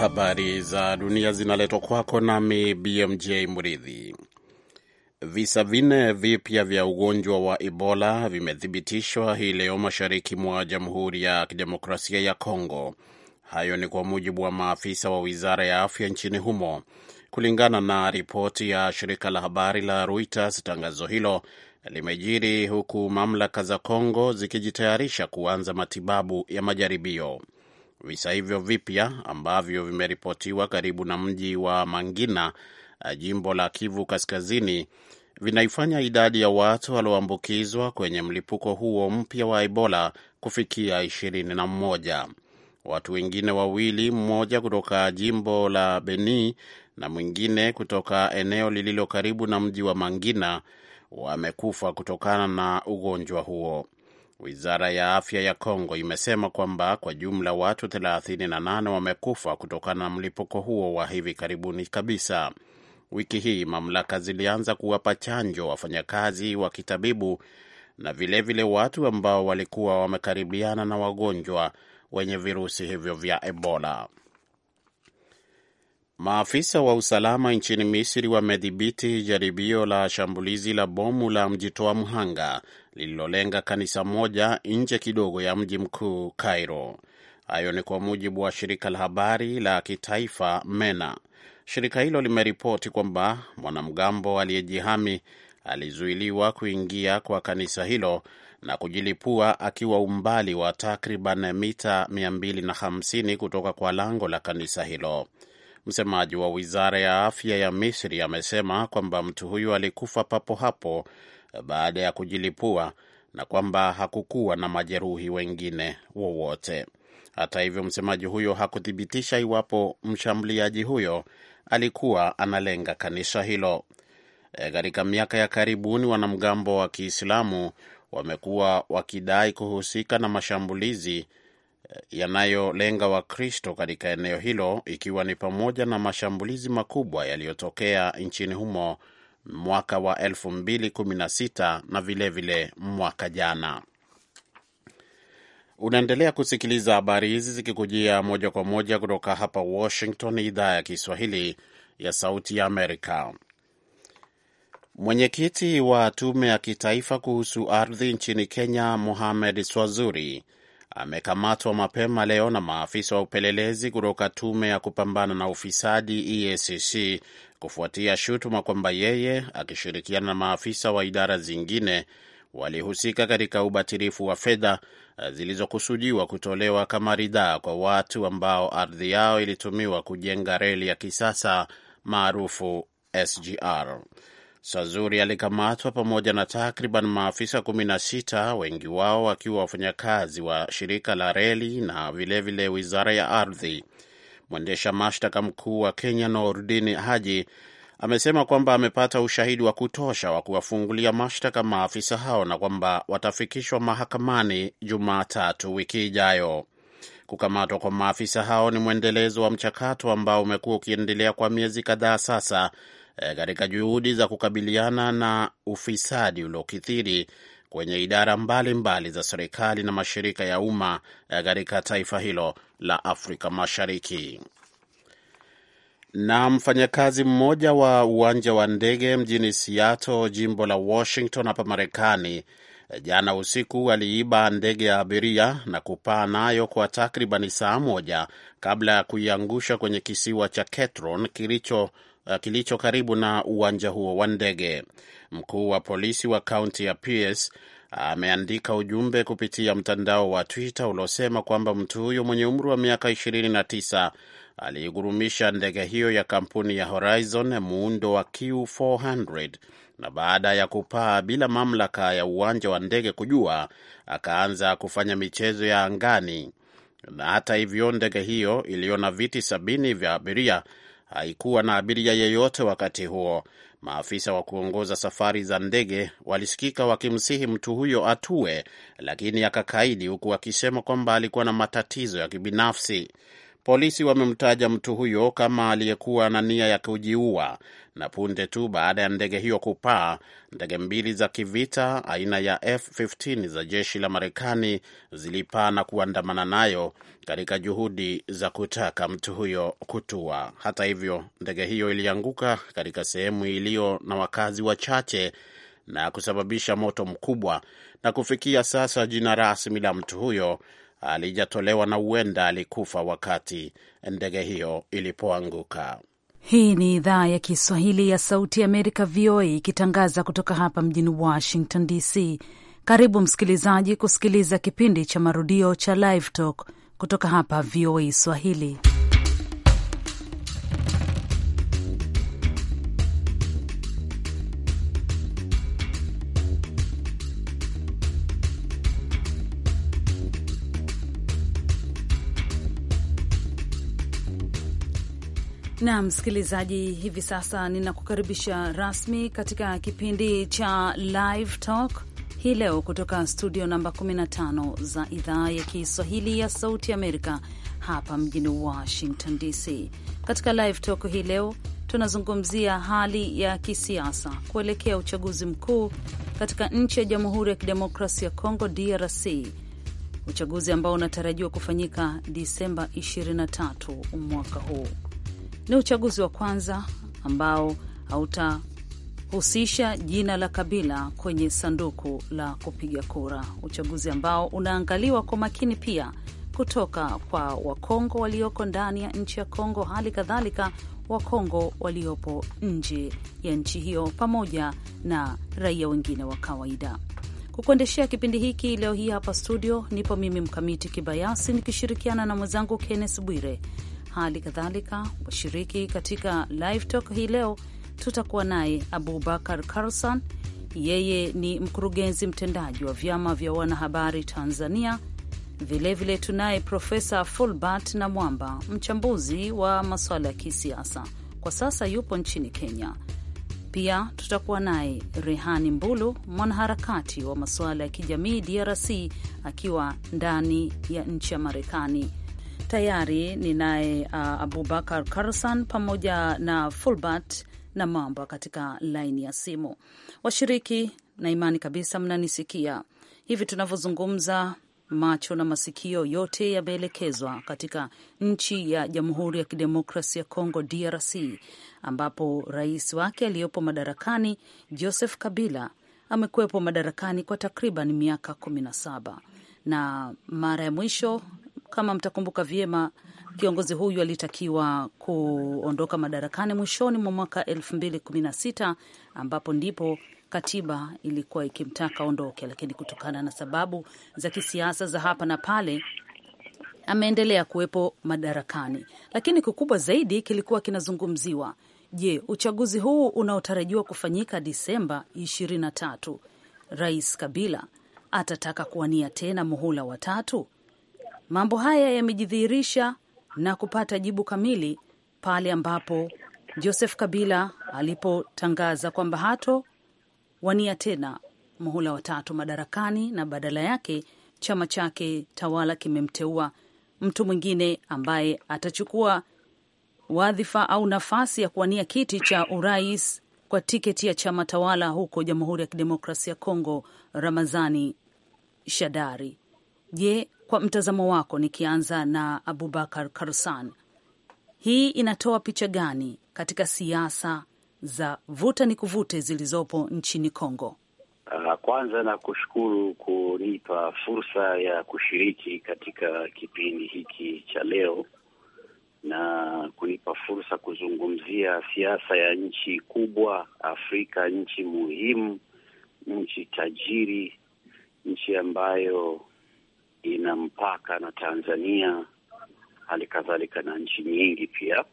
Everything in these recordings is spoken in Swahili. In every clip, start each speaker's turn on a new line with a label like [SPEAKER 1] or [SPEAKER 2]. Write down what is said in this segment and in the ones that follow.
[SPEAKER 1] Habari za dunia zinaletwa kwako nami BMJ Mridhi. Visa vinne vipya vya ugonjwa wa Ebola vimethibitishwa hii leo mashariki mwa Jamhuri ya Kidemokrasia ya Kongo. Hayo ni kwa mujibu wa maafisa wa wizara ya afya nchini humo, kulingana na ripoti ya shirika la habari la Reuters. Tangazo hilo limejiri huku mamlaka za Kongo zikijitayarisha kuanza matibabu ya majaribio. Visa hivyo vipya ambavyo vimeripotiwa karibu na mji wa Mangina, eh, jimbo la Kivu Kaskazini, vinaifanya idadi ya watu walioambukizwa kwenye mlipuko huo mpya wa Ebola kufikia ishirini na mmoja. Watu wengine wawili, mmoja kutoka jimbo la Beni na mwingine kutoka eneo lililo karibu na mji wa Mangina, wamekufa kutokana na ugonjwa huo. Wizara ya afya ya Kongo imesema kwamba kwa jumla watu 38 wamekufa kutokana na mlipuko huo wa hivi karibuni kabisa. Wiki hii mamlaka zilianza kuwapa chanjo wafanyakazi wa kitabibu na vilevile vile watu ambao walikuwa wamekaribiana na wagonjwa wenye virusi hivyo vya Ebola. Maafisa wa usalama nchini Misri wamedhibiti jaribio la shambulizi la bomu la mjitoa mhanga lililolenga kanisa moja nje kidogo ya mji mkuu Cairo. Hayo ni kwa mujibu wa shirika la habari la kitaifa MENA. Shirika hilo limeripoti kwamba mwanamgambo aliyejihami alizuiliwa kuingia kwa kanisa hilo na kujilipua akiwa umbali wa takriban mita 250 kutoka kwa lango la kanisa hilo. Msemaji wa wizara ya afya ya Misri amesema kwamba mtu huyu alikufa papo hapo baada ya kujilipua na kwamba hakukuwa na majeruhi wengine wowote. Hata hivyo, msemaji huyo hakuthibitisha iwapo mshambuliaji huyo alikuwa analenga kanisa hilo. E, katika miaka ya karibuni, wanamgambo wa Kiislamu wamekuwa wakidai kuhusika na mashambulizi yanayolenga Wakristo katika eneo hilo ikiwa ni pamoja na mashambulizi makubwa yaliyotokea nchini humo mwaka wa 2016 na vilevile vile mwaka jana. Unaendelea kusikiliza habari hizi zikikujia moja kwa moja kutoka hapa Washington, idhaa ya Kiswahili ya Sauti ya Amerika. Mwenyekiti wa tume ya kitaifa kuhusu ardhi nchini Kenya, Mohamed Swazuri amekamatwa mapema leo na maafisa wa upelelezi kutoka tume ya kupambana na ufisadi EACC kufuatia shutuma kwamba yeye akishirikiana na maafisa wa idara zingine walihusika katika ubatilifu wa fedha eh, zilizokusudiwa kutolewa kama ridhaa kwa watu ambao ardhi yao ilitumiwa kujenga reli ya kisasa maarufu SGR. Sazuri alikamatwa pamoja na takriban maafisa 16 wengi wao wakiwa wafanyakazi wa shirika la reli na vilevile vile wizara ya ardhi. Mwendesha mashtaka mkuu wa Kenya Nordin Haji amesema kwamba amepata ushahidi wa kutosha wa kuwafungulia mashtaka maafisa hao na kwamba watafikishwa mahakamani Jumatatu wiki ijayo. Kukamatwa kwa maafisa hao ni mwendelezo wa mchakato ambao umekuwa ukiendelea kwa miezi kadhaa sasa Eh, katika e, juhudi za kukabiliana na ufisadi uliokithiri kwenye idara mbalimbali mbali za serikali na mashirika ya umma eh, katika taifa hilo la Afrika Mashariki. Na mfanyakazi mmoja wa uwanja wa ndege mjini Seattle, jimbo la Washington hapa Marekani, eh, jana usiku aliiba ndege ya abiria na kupaa nayo kwa takribani saa moja kabla ya kuiangusha kwenye kisiwa cha Ketron kilicho Uh, kilicho karibu na uwanja huo wa ndege. Mkuu wa polisi wa kaunti ya Pierce ameandika ujumbe kupitia mtandao wa Twitter uliosema kwamba mtu huyo mwenye umri wa miaka 29 aliigurumisha ndege hiyo ya kampuni ya Horizon muundo wa Q400 na baada ya kupaa bila mamlaka ya uwanja wa ndege kujua, akaanza kufanya michezo ya angani. Na hata hivyo, ndege hiyo iliyo na viti sabini vya abiria haikuwa na abiria yeyote wakati huo. Maafisa wa kuongoza safari za ndege walisikika wakimsihi mtu huyo atue, lakini akakaidi, huku akisema kwamba alikuwa na matatizo ya kibinafsi. Polisi wamemtaja mtu huyo kama aliyekuwa na nia ya kujiua, na punde tu baada ya ndege hiyo kupaa, ndege mbili za kivita aina ya F-15 za jeshi la Marekani zilipaa na kuandamana nayo katika juhudi za kutaka mtu huyo kutua. Hata hivyo, ndege hiyo ilianguka katika sehemu iliyo na wakazi wachache na kusababisha moto mkubwa, na kufikia sasa jina rasmi la mtu huyo alijatolewa na huenda alikufa wakati ndege hiyo ilipoanguka.
[SPEAKER 2] Hii ni idhaa ya Kiswahili ya Sauti ya Amerika, VOA, ikitangaza kutoka hapa mjini Washington DC. Karibu msikilizaji kusikiliza kipindi cha marudio cha Live Talk kutoka hapa VOA Swahili. Na msikilizaji, hivi sasa ninakukaribisha rasmi katika kipindi cha Live Talk hii leo kutoka studio namba 15 za idhaa ya Kiswahili ya Sauti Amerika hapa mjini Washington DC. Katika Live Talk hii leo tunazungumzia hali ya kisiasa kuelekea uchaguzi mkuu katika nchi ya Jamhuri ya Kidemokrasia ya Kongo, DRC, uchaguzi ambao unatarajiwa kufanyika Disemba 23 mwaka huu ni uchaguzi wa kwanza ambao hautahusisha jina la kabila kwenye sanduku la kupiga kura, uchaguzi ambao unaangaliwa kwa makini pia kutoka kwa Wakongo walioko ndani ya nchi ya Kongo, hali kadhalika Wakongo waliopo nje ya nchi hiyo, pamoja na raia wengine wa kawaida. Kukuendeshea kipindi hiki leo hii hapa studio nipo mimi Mkamiti Kibayasi nikishirikiana na mwenzangu Kennes Bwire. Hali kadhalika washiriki katika live talk hii leo tutakuwa naye Abubakar Carlson. yeye ni mkurugenzi mtendaji wa vyama vya wanahabari Tanzania. Vilevile tunaye Profesa Fulbert na Mwamba, mchambuzi wa masuala ya kisiasa, kwa sasa yupo nchini Kenya. Pia tutakuwa naye Rehani Mbulu, mwanaharakati wa masuala ya kijamii DRC, akiwa ndani ya nchi ya Marekani tayari ninaye uh, Abubakar Karsan pamoja na Fulbert na Mamba katika laini ya simu. Washiriki, na imani kabisa mnanisikia hivi tunavyozungumza. Macho na masikio yote yameelekezwa katika nchi ya Jamhuri ya Kidemokrasi ya Kongo, DRC, ambapo rais wake aliyepo madarakani Joseph Kabila amekuwepo madarakani kwa takriban miaka kumi na saba na mara ya mwisho kama mtakumbuka vyema, kiongozi huyu alitakiwa kuondoka madarakani mwishoni mwa mwaka sita ambapo ndipo katiba ilikuwa ikimtaka ondoke, lakini kutokana na sababu za kisiasa za hapa na pale ameendelea kuwepo madarakani. Lakini kikubwa zaidi kilikuwa kinazungumziwa, je, uchaguzi huu unaotarajiwa kufanyika Disemba 23, Rais Kabila atataka kuwania tena muhula wa tatu? Mambo haya yamejidhihirisha na kupata jibu kamili pale ambapo Joseph Kabila alipotangaza kwamba hato wania tena muhula watatu madarakani na badala yake chama chake tawala kimemteua mtu mwingine ambaye atachukua wadhifa au nafasi ya kuwania kiti cha urais kwa tiketi ya chama tawala huko Jamhuri ya Kidemokrasia ya Kongo, Ramazani Shadari. Je, kwa mtazamo wako, nikianza na Abubakar Karsan, hii inatoa picha gani katika siasa za vuta ni kuvute zilizopo nchini Kongo?
[SPEAKER 3] Ah, kwanza nakushukuru kunipa fursa ya kushiriki katika kipindi hiki cha leo na kunipa fursa kuzungumzia siasa ya nchi kubwa Afrika, nchi muhimu, nchi tajiri, nchi ambayo ina mpaka na Tanzania, hali kadhalika na nchi nyingi pia.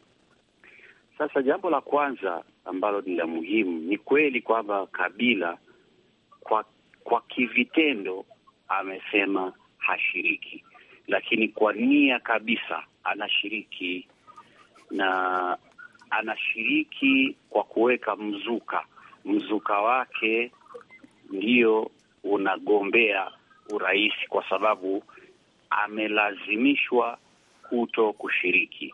[SPEAKER 3] Sasa jambo la kwanza ambalo ni la muhimu, ni kweli kwamba Kabila kwa kwa kivitendo amesema hashiriki, lakini kwa nia kabisa anashiriki, na anashiriki kwa kuweka mzuka. Mzuka wake ndio unagombea urais kwa sababu amelazimishwa kuto kushiriki.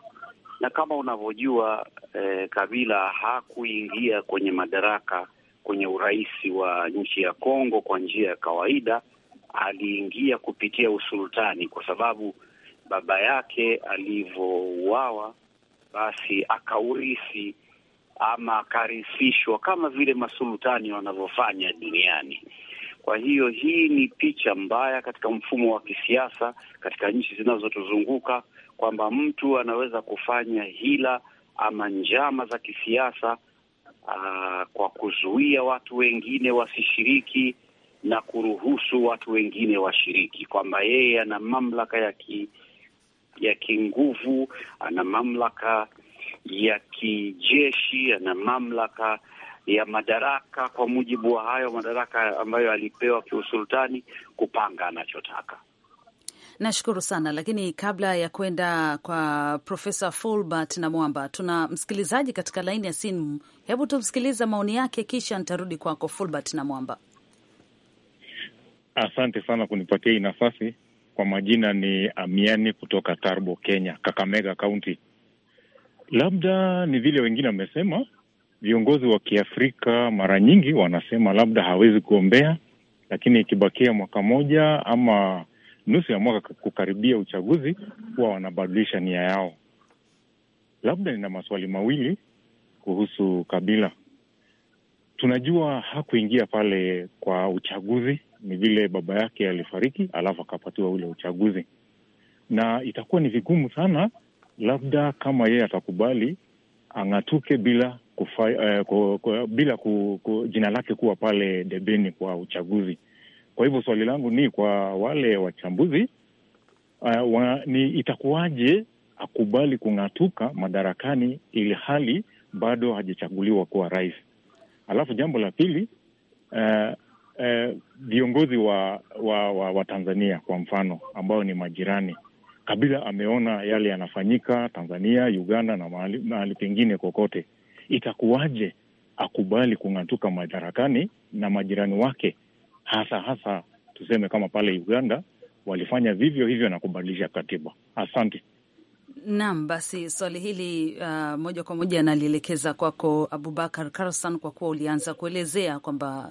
[SPEAKER 3] Na kama unavyojua eh, Kabila hakuingia kwenye madaraka kwenye urais wa nchi ya Kongo kwa njia ya kawaida, aliingia kupitia usultani, kwa sababu baba yake alivyouawa, basi akaurisi ama akarisishwa kama vile masultani wanavyofanya duniani. Kwa hiyo hii ni picha mbaya katika mfumo wa kisiasa katika nchi zinazotuzunguka kwamba mtu anaweza kufanya hila ama njama za kisiasa aa, ah, kwa kuzuia watu wengine wasishiriki na kuruhusu watu wengine washiriki, kwamba yeye ana mamlaka ya ki, ya kinguvu, ana mamlaka ya kijeshi, ana mamlaka ya madaraka kwa mujibu wa hayo madaraka ambayo alipewa kiusultani kupanga anachotaka.
[SPEAKER 2] Nashukuru sana lakini, kabla ya kwenda kwa Profesa Fulbert na Mwamba, tuna msikilizaji katika laini ya simu. Hebu tumsikiliza maoni yake, kisha nitarudi kwako Fulbert na Mwamba.
[SPEAKER 4] Asante sana kunipatia hii nafasi. Kwa majina ni Amiani kutoka Tarbo, Kenya, Kakamega Kaunti. Labda ni vile wengine wamesema viongozi wa Kiafrika mara nyingi wanasema labda hawezi kuombea, lakini ikibakia mwaka moja ama nusu ya mwaka kukaribia uchaguzi, huwa wanabadilisha nia yao. Labda nina maswali mawili kuhusu Kabila. Tunajua hakuingia pale kwa uchaguzi, ni vile baba yake alifariki, alafu akapatiwa ule uchaguzi, na itakuwa ni vigumu sana labda kama yeye atakubali ang'atuke bila kufai, uh, ku, ku, bila ku, ku, jina lake kuwa pale debeni kwa uchaguzi. Kwa hivyo swali langu ni kwa wale wachambuzi uh, wa, ni itakuwaje akubali kung'atuka madarakani ili hali bado hajachaguliwa kuwa rais? Alafu jambo la pili uh, viongozi uh, wa, wa, wa, wa Tanzania kwa mfano ambao ni majirani Kabila ameona yale yanafanyika Tanzania, Uganda na mahali, mahali pengine kokote, itakuwaje akubali kung'atuka madarakani na majirani wake, hasa hasa tuseme kama pale Uganda walifanya vivyo hivyo na kubadilisha katiba. Asante.
[SPEAKER 2] Naam, basi swali hili uh, moja kwa moja analielekeza kwako Abubakar Karsan, kwa kuwa ulianza kuelezea kwamba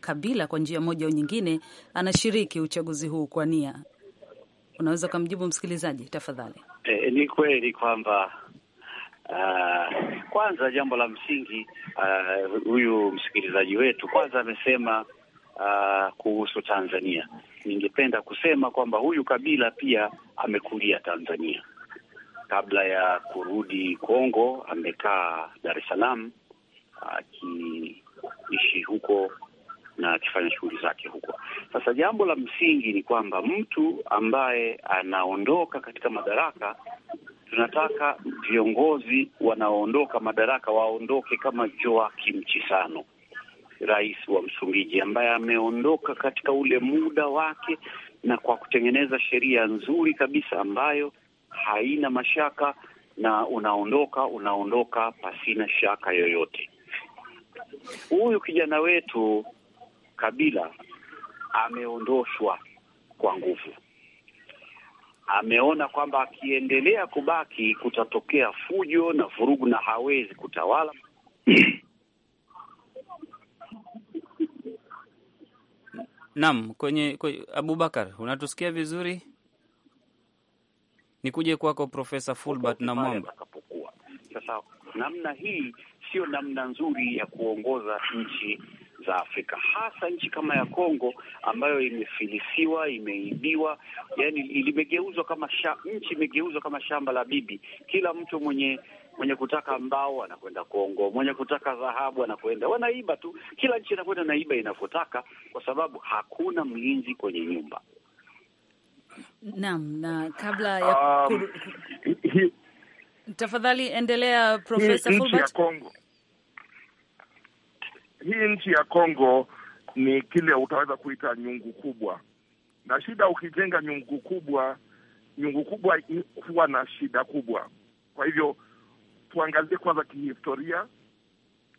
[SPEAKER 2] Kabila kwa njia moja au nyingine anashiriki uchaguzi huu kwa nia Unaweza ukamjibu msikilizaji tafadhali?
[SPEAKER 3] E, ni kweli kwamba uh, kwanza jambo la msingi uh, huyu msikilizaji wetu kwanza amesema uh, kuhusu Tanzania. Ningependa kusema kwamba huyu Kabila pia amekulia Tanzania kabla ya kurudi Kongo amekaa Dar es Salaam akiishi huko na akifanya shughuli zake huko. Sasa jambo la msingi ni kwamba mtu ambaye anaondoka katika madaraka, tunataka viongozi wanaoondoka madaraka waondoke kama Joaquim Chissano, rais wa Msumbiji, ambaye ameondoka katika ule muda wake na kwa kutengeneza sheria nzuri kabisa ambayo haina mashaka na unaondoka unaondoka pasina shaka yoyote. Huyu kijana wetu Kabila ameondoshwa kwa nguvu. Ameona kwamba akiendelea kubaki kutatokea fujo na vurugu na hawezi
[SPEAKER 5] kutawala. Naam, kwenye, kwenye Abubakar, unatusikia vizuri? Nikuje kwako Profesa Fulbert na Mwamba.
[SPEAKER 3] Sasa namna hii sio namna nzuri ya kuongoza nchi za Afrika, hasa nchi kama ya Kongo ambayo imefilisiwa, imeibiwa, yani limegeuzwa kama sha, nchi imegeuzwa kama shamba la bibi. Kila mtu mwenye mwenye kutaka mbao anakwenda Kongo, mwenye kutaka dhahabu anakwenda, wanaiba tu. Kila nchi inakwenda naiba inavyotaka, kwa sababu hakuna mlinzi kwenye nyumba.
[SPEAKER 2] Naam, na kabla ya um, kuru... tafadhali endelea Profesa Fulbert.
[SPEAKER 6] Kongo hii nchi ya Kongo ni kile utaweza kuita nyungu kubwa, na shida, ukijenga nyungu kubwa, nyungu kubwa huwa na shida kubwa. Kwa hivyo tuangalie kwanza kihistoria.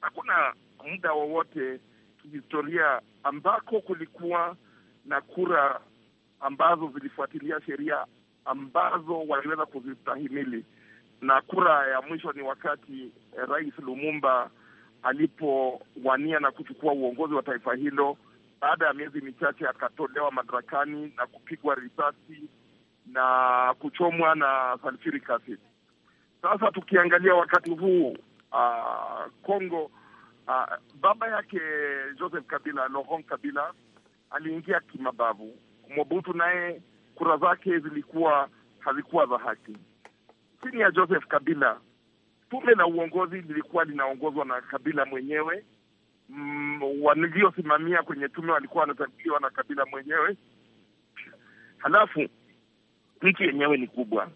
[SPEAKER 6] Hakuna muda wowote kihistoria ambako kulikuwa na kura ambazo zilifuatilia sheria ambazo waliweza kuzistahimili, na kura ya mwisho ni wakati eh, Rais Lumumba alipowania na kuchukua uongozi wa taifa hilo. Baada ya miezi michache akatolewa madarakani na kupigwa risasi na kuchomwa na sulfuric acid. Sasa tukiangalia wakati huu uh, uh, baba yake Joseph Kabila, Laurent Kabila aliingia kimabavu. Mobutu naye kura zake zilikuwa hazikuwa za haki. Chini ya Joseph Kabila tume la uongozi lilikuwa linaongozwa na Kabila mwenyewe. Mm, waliosimamia kwenye tume walikuwa wanatakiwa na Kabila mwenyewe. Halafu nchi yenyewe ni kubwa.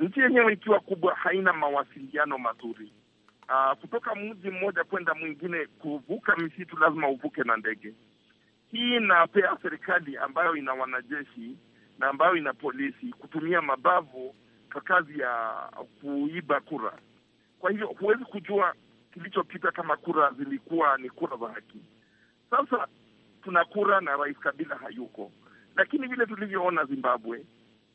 [SPEAKER 6] Nchi yenyewe ikiwa kubwa, haina mawasiliano mazuri. Uh, kutoka mji mmoja kwenda mwingine, kuvuka misitu lazima uvuke na ndege. Hii inapea serikali ambayo ina wanajeshi na ambayo ina polisi kutumia mabavu kwa kazi ya kuiba kura. Kwa hivyo huwezi kujua kilichopita kama kura zilikuwa ni kura za haki. Sasa tuna kura na Rais Kabila hayuko, lakini vile tulivyoona Zimbabwe,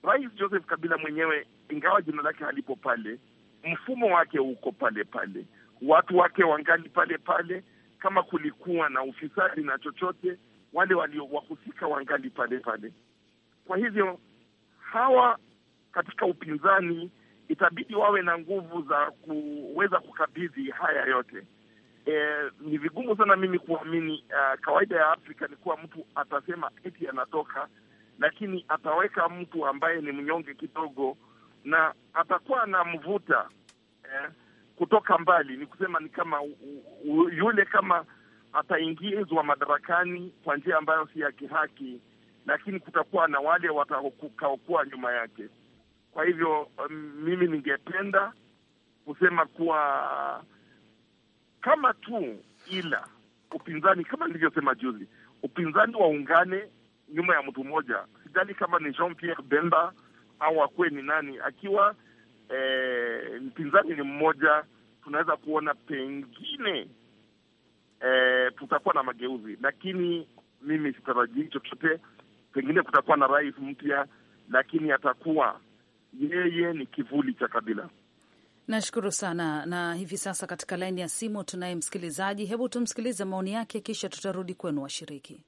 [SPEAKER 6] Rais Joseph Kabila mwenyewe, ingawa jina lake halipo pale, mfumo wake uko pale pale, watu wake wangali pale pale. Kama kulikuwa na ufisadi na chochote, wale waliowahusika wangali pale pale. Kwa hivyo hawa katika upinzani itabidi wawe na nguvu za kuweza kukabidhi haya yote. E, ni vigumu sana mimi kuamini. Uh, kawaida ya Afrika ni kuwa mtu atasema eti anatoka, lakini ataweka mtu ambaye ni mnyonge kidogo na atakuwa mvuta eh, kutoka mbali. Ni kusema ni kama u, u, yule kama ataingizwa madarakani kwa njia ambayo si ya kihaki, lakini kutakuwa na wale watakaokuwa nyuma yake. Kwa hivyo um, mimi ningependa kusema kuwa kama tu ila upinzani, kama nilivyosema juzi, upinzani waungane nyuma ya mtu mmoja, sijali kama ni Jean Pierre Bemba au akuwe ni nani, akiwa eh, mpinzani ni mmoja, tunaweza kuona pengine eh, tutakuwa na mageuzi, lakini mimi sitarajii chochote. Pengine kutakuwa na rais mpya, lakini atakuwa yeye ni kivuli cha Kabila.
[SPEAKER 2] Nashukuru sana. Na hivi sasa katika laini ya simu tunaye msikilizaji, hebu tumsikilize maoni yake, kisha tutarudi kwenu washiriki.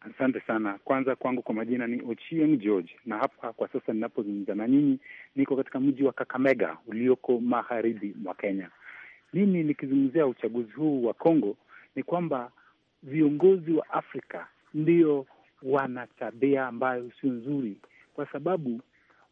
[SPEAKER 7] Asante sana. Kwanza kwangu kwa majina ni Ochieng George, na hapa kwa sasa ninapozungumza na nyinyi niko katika mji wa Kakamega ulioko magharibi mwa Kenya. Mimi nikizungumzia uchaguzi huu wa congo ni kwamba viongozi wa Afrika ndio wana tabia ambayo sio nzuri, kwa sababu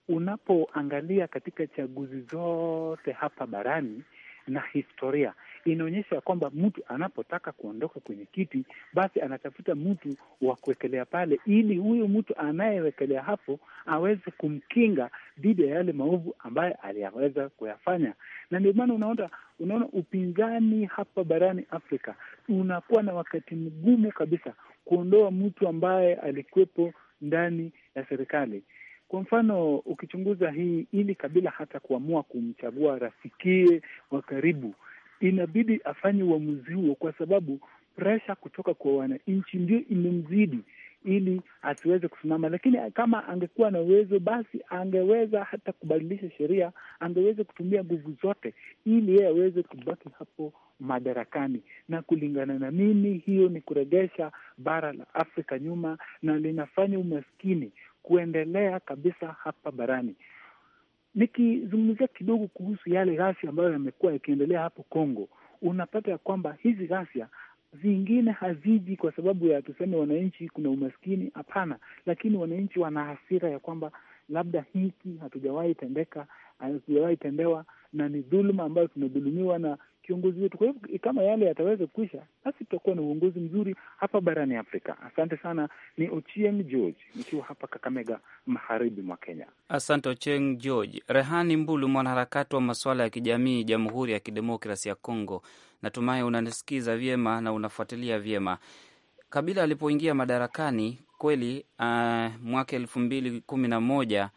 [SPEAKER 7] unapoangalia katika chaguzi zote hapa barani na historia inaonyesha kwamba mtu anapotaka kuondoka kwenye kiti, basi anatafuta mtu wa kuwekelea pale, ili huyu mtu anayewekelea hapo aweze kumkinga dhidi ya yale maovu ambayo aliyaweza kuyafanya. Na ndio maana unaona unaona upinzani hapa barani Afrika unakuwa na wakati mgumu kabisa kuondoa mtu ambaye alikuwepo ndani ya serikali. Kwa mfano ukichunguza hii, ili Kabila hata kuamua kumchagua rafikie wa karibu, inabidi afanye uamuzi huo, kwa sababu presha kutoka kwa wananchi ndio imemzidi ili asiweze kusimama. Lakini kama angekuwa na uwezo, basi angeweza hata kubadilisha sheria, angeweza kutumia nguvu zote ili yeye aweze kubaki hapo madarakani. Na kulingana na mimi, hiyo ni kuregesha bara la Afrika nyuma na linafanya umaskini kuendelea kabisa hapa barani. Nikizungumzia kidogo kuhusu yale ghasia ambayo yamekuwa yakiendelea hapo Kongo, unapata ya kwamba hizi ghasia zingine haziji kwa sababu ya tuseme, wananchi kuna umaskini, hapana, lakini wananchi wana hasira ya kwamba labda hiki hatujawahi tendeka, hatujawahi tendewa, na ni dhuluma ambayo tumedhulumiwa na kiongozi wetu. Kwa hivyo kama yale yataweza kuisha, basi tutakuwa na uongozi mzuri hapa barani Afrika. Asante sana, ni Ochieng George nikiwa hapa Kakamega, magharibi mwa
[SPEAKER 3] Kenya.
[SPEAKER 5] Asante Ochieng George. Rehani Mbulu, mwanaharakati wa masuala ya kijamii, Jamhuri ya Kidemokrasi ya congo natumai unanisikiza vyema na unafuatilia vyema. Kabila alipoingia madarakani kweli, uh, mwaka elfu mbili kumi na moja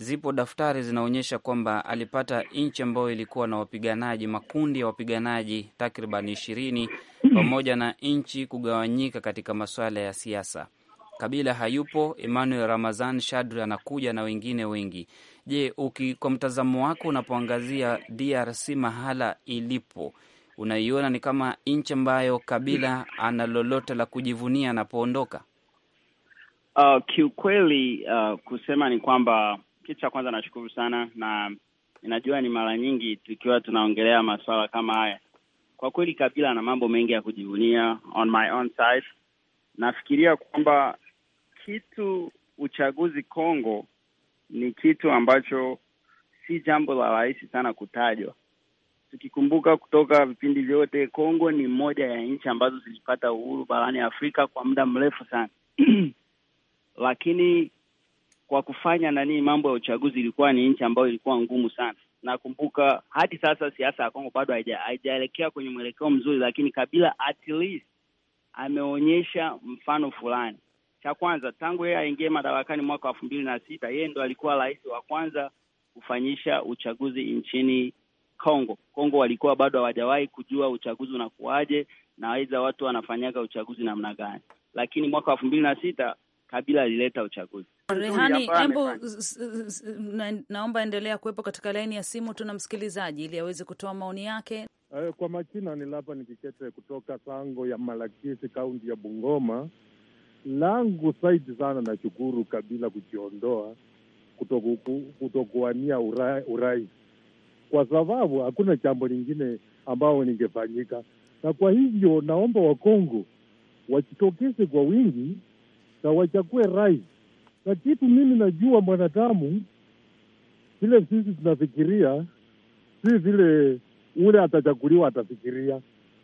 [SPEAKER 5] zipo daftari zinaonyesha kwamba alipata nchi ambayo ilikuwa na wapiganaji, makundi ya wapiganaji takriban ishirini, pamoja na nchi kugawanyika katika masuala ya siasa. Kabila hayupo, Emmanuel Ramazan Shadri anakuja na wengine wengi. Je, uki kwa mtazamo wako unapoangazia DRC mahala ilipo, unaiona ni kama nchi ambayo Kabila ana lolote la kujivunia anapoondoka?
[SPEAKER 8] Uh, kiukweli uh, kusema ni kwamba kitu cha kwanza nashukuru sana, na inajua ni mara nyingi tukiwa tunaongelea masuala kama haya, kwa kweli Kabila na mambo mengi ya kujivunia. On my own side, nafikiria kwamba kitu uchaguzi Kongo ni kitu ambacho si jambo la rahisi sana kutajwa, tukikumbuka kutoka vipindi vyote, Kongo ni moja ya nchi ambazo zilipata uhuru barani Afrika kwa muda mrefu sana lakini kwa kufanya nani mambo ya uchaguzi, ilikuwa ni nchi ambayo ilikuwa ngumu sana. Nakumbuka hadi sasa siasa ya Kongo bado haijaelekea kwenye mwelekeo mzuri, lakini Kabila at least ameonyesha mfano fulani. Cha kwanza, tangu yeye aingie madarakani mwaka wa elfu mbili na sita yeye ndo alikuwa rais wa kwanza kufanyisha uchaguzi nchini Kongo. Kongo walikuwa bado hawajawahi kujua uchaguzi unakuwaje na aidha watu wanafanyaga uchaguzi namna gani, lakini mwaka wa elfu mbili na sita Kabila alileta uchaguzi.
[SPEAKER 2] Rehani, na, naomba endelea kuwepo katika laini ya simu, tuna msikilizaji ili aweze kutoa maoni yake.
[SPEAKER 7] Eh, kwa majina ni Lapa Nikikete kutoka Sango ya Malakisi, kaunti ya Bungoma. Langu saidi sana na shukuru Kabila kujiondoa kutokuwania urais kwa sababu hakuna jambo lingine ambao ningefanyika, na kwa hivyo naomba Wakongo wajitokeze kwa wingi na wachague rais na kitu mimi najua mwanadamu vile sisi tunafikiria si vile ule atachaguliwa atafikiria.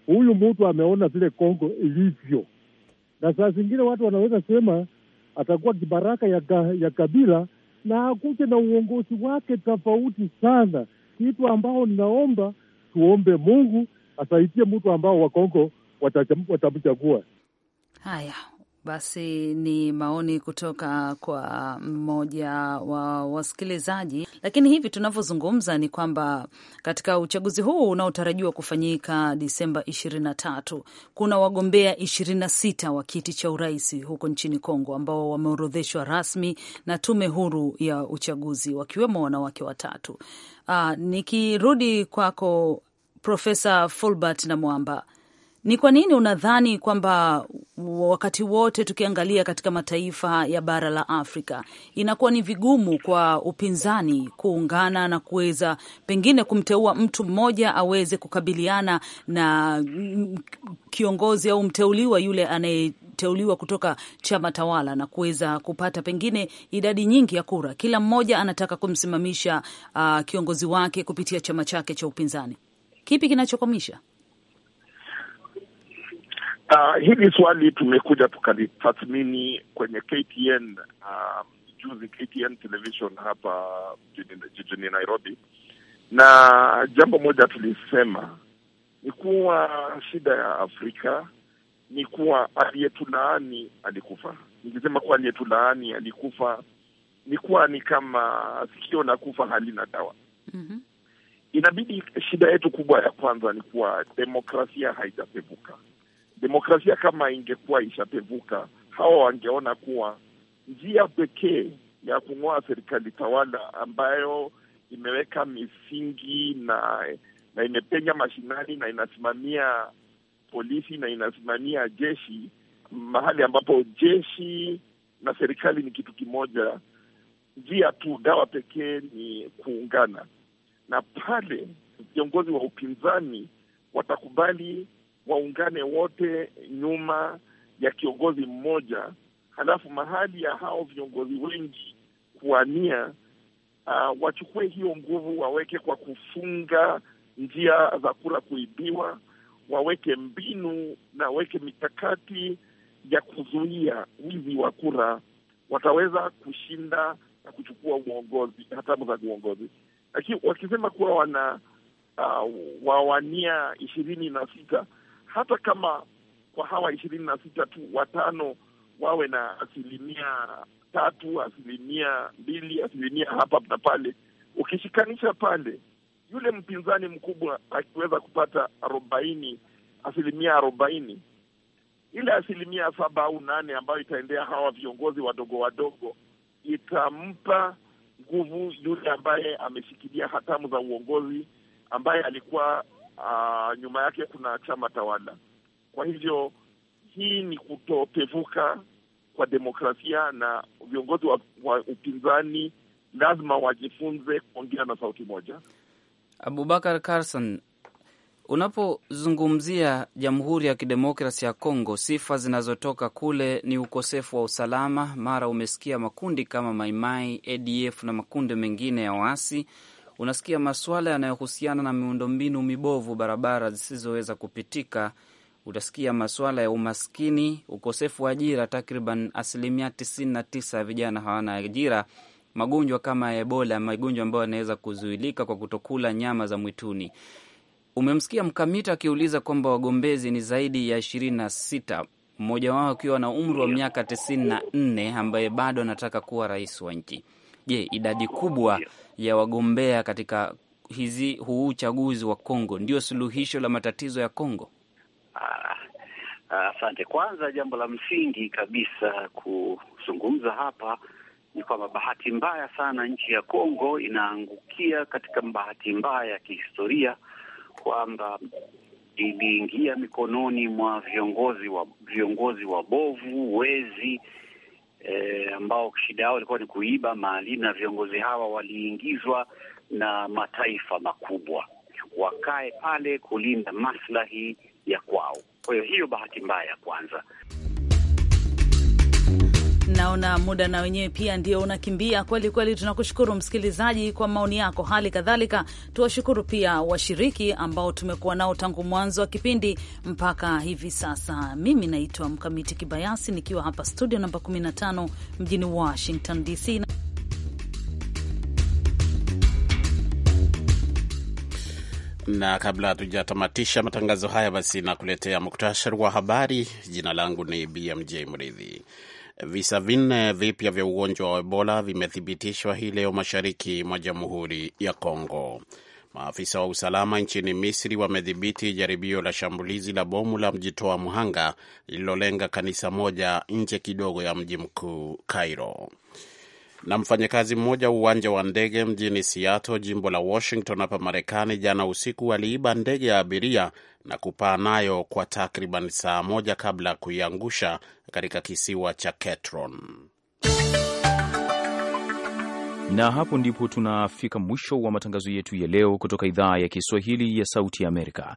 [SPEAKER 7] Huyu mtu ameona vile Kongo ilivyo, na saa zingine watu wanaweza sema atakuwa kibaraka ya, ka, ya kabila na akuje na uongozi wake tofauti sana, kitu ambao ninaomba tuombe Mungu asaidie mtu ambao Wakongo watamchagua.
[SPEAKER 2] Haya, basi ni maoni kutoka kwa mmoja wa wasikilizaji, lakini hivi tunavyozungumza ni kwamba katika uchaguzi huu unaotarajiwa kufanyika Disemba 23 kuna wagombea 26 wa kiti cha urais huko nchini Kongo ambao wameorodheshwa rasmi na tume huru ya uchaguzi, wakiwemo wanawake watatu. Aa, ah, nikirudi kwako Profesa Fulbert na Mwamba, ni kwa nini unadhani kwamba wakati wote tukiangalia katika mataifa ya bara la Afrika inakuwa ni vigumu kwa upinzani kuungana na kuweza pengine kumteua mtu mmoja aweze kukabiliana na kiongozi au mteuliwa yule anayeteuliwa kutoka chama tawala na kuweza kupata pengine idadi nyingi ya kura? Kila mmoja anataka kumsimamisha uh, kiongozi wake kupitia chama chake cha upinzani. Kipi kinachokwamisha?
[SPEAKER 6] Uh, hili swali tumekuja tukalitathmini kwenye KTN um, juzi KTN television hapa jijini Nairobi, na jambo moja tulisema ni kuwa shida ya Afrika ni kuwa aliyetulaani alikufa. Nikisema kuwa aliyetulaani alikufa ni kuwa ni kama sikio la kufa halina dawa. mm -hmm. Inabidi shida yetu kubwa ya kwanza ni kuwa demokrasia haijapevuka. Demokrasia kama ingekuwa ishapevuka, hawa wangeona kuwa njia pekee ya kung'oa serikali tawala ambayo imeweka misingi na na imepenya mashinani na inasimamia polisi na inasimamia jeshi, mahali ambapo jeshi na serikali ni kitu kimoja. Njia tu, dawa pekee ni kuungana, na pale viongozi wa upinzani watakubali waungane wote nyuma ya kiongozi mmoja, halafu mahali ya hao viongozi wengi kuwania uh, wachukue hiyo nguvu waweke kwa kufunga njia za kura kuibiwa, waweke mbinu na waweke mikakati ya kuzuia wizi wa kura, wataweza kushinda na kuchukua uongozi, hatamu za uongozi. Lakini wakisema kuwa wana uh, wawania ishirini na sita hata kama kwa hawa ishirini na sita tu watano wawe na asilimia tatu, asilimia mbili, asilimia hapa na pale, ukishikanisha pale, yule mpinzani mkubwa akiweza kupata arobaini, asilimia arobaini, ile asilimia saba au nane ambayo itaendea hawa viongozi wadogo wadogo itampa nguvu yule ambaye ameshikilia hatamu za uongozi ambaye alikuwa Ah, nyuma yake kuna chama tawala. Kwa hivyo hii ni kutopevuka kwa demokrasia, na viongozi wa, wa upinzani lazima wajifunze kuongea na sauti moja.
[SPEAKER 5] Abubakar Carson, unapozungumzia Jamhuri ya Kidemokrasi ya Kongo, sifa zinazotoka kule ni ukosefu wa usalama. Mara umesikia makundi kama Maimai, ADF na makundi mengine ya waasi unasikia maswala yanayohusiana na miundombinu mibovu, barabara zisizoweza kupitika, utasikia maswala ya umaskini, ukosefu wa ajira. Takriban asilimia tisini na tisa ya vijana hawana ajira, magonjwa kama Ebola, magonjwa ambayo yanaweza kuzuilika kwa kutokula nyama za mwituni. Umemsikia Mkamita akiuliza kwamba wagombezi ni zaidi ya ishirini na sita, mmoja wao akiwa na umri wa miaka tisini na nne ambaye bado anataka kuwa rais wa nchi. Je, idadi kubwa ya wagombea katika hizi huu uchaguzi wa Kongo ndio suluhisho la matatizo ya Kongo? Ah,
[SPEAKER 3] asante. kwanza jambo la msingi kabisa kuzungumza hapa ni kwamba bahati mbaya sana nchi ya Kongo inaangukia katika bahati mbaya ya kihistoria kwamba iliingia mikononi mwa viongozi wa viongozi bovu wezi e, ambao shida yao ilikuwa ni kuiba mali, na viongozi hawa waliingizwa na mataifa makubwa wakae pale kulinda maslahi ya kwao. Kwa hiyo hiyo bahati mbaya kwanza
[SPEAKER 2] Naona muda na wenyewe pia ndio unakimbia kweli kweli. Tunakushukuru msikilizaji kwa maoni yako, hali kadhalika tuwashukuru pia washiriki ambao tumekuwa nao tangu mwanzo wa kipindi mpaka hivi sasa. Mimi naitwa Mkamiti Kibayasi nikiwa hapa studio namba 15 mjini Washington DC.
[SPEAKER 1] na kabla hatujatamatisha matangazo haya, basi nakuletea muktasari wa habari. Jina langu ni BMJ Mridhi. Visa vinne vipya vya ugonjwa wa Ebola vimethibitishwa hii leo mashariki mwa Jamhuri ya Kongo. Maafisa wa usalama nchini Misri wamedhibiti jaribio la shambulizi la bomu la mjitoa mhanga lililolenga kanisa moja nje kidogo ya mji mkuu Cairo na mfanyakazi mmoja wa uwanja wa ndege mjini Seattle, jimbo la Washington hapa Marekani, jana usiku aliiba ndege ya abiria na kupaa nayo kwa takriban saa moja kabla ya kuiangusha katika kisiwa cha Ketron.
[SPEAKER 9] Na hapo ndipo tunafika mwisho wa matangazo yetu ya leo kutoka idhaa ya Kiswahili ya Sauti ya Amerika.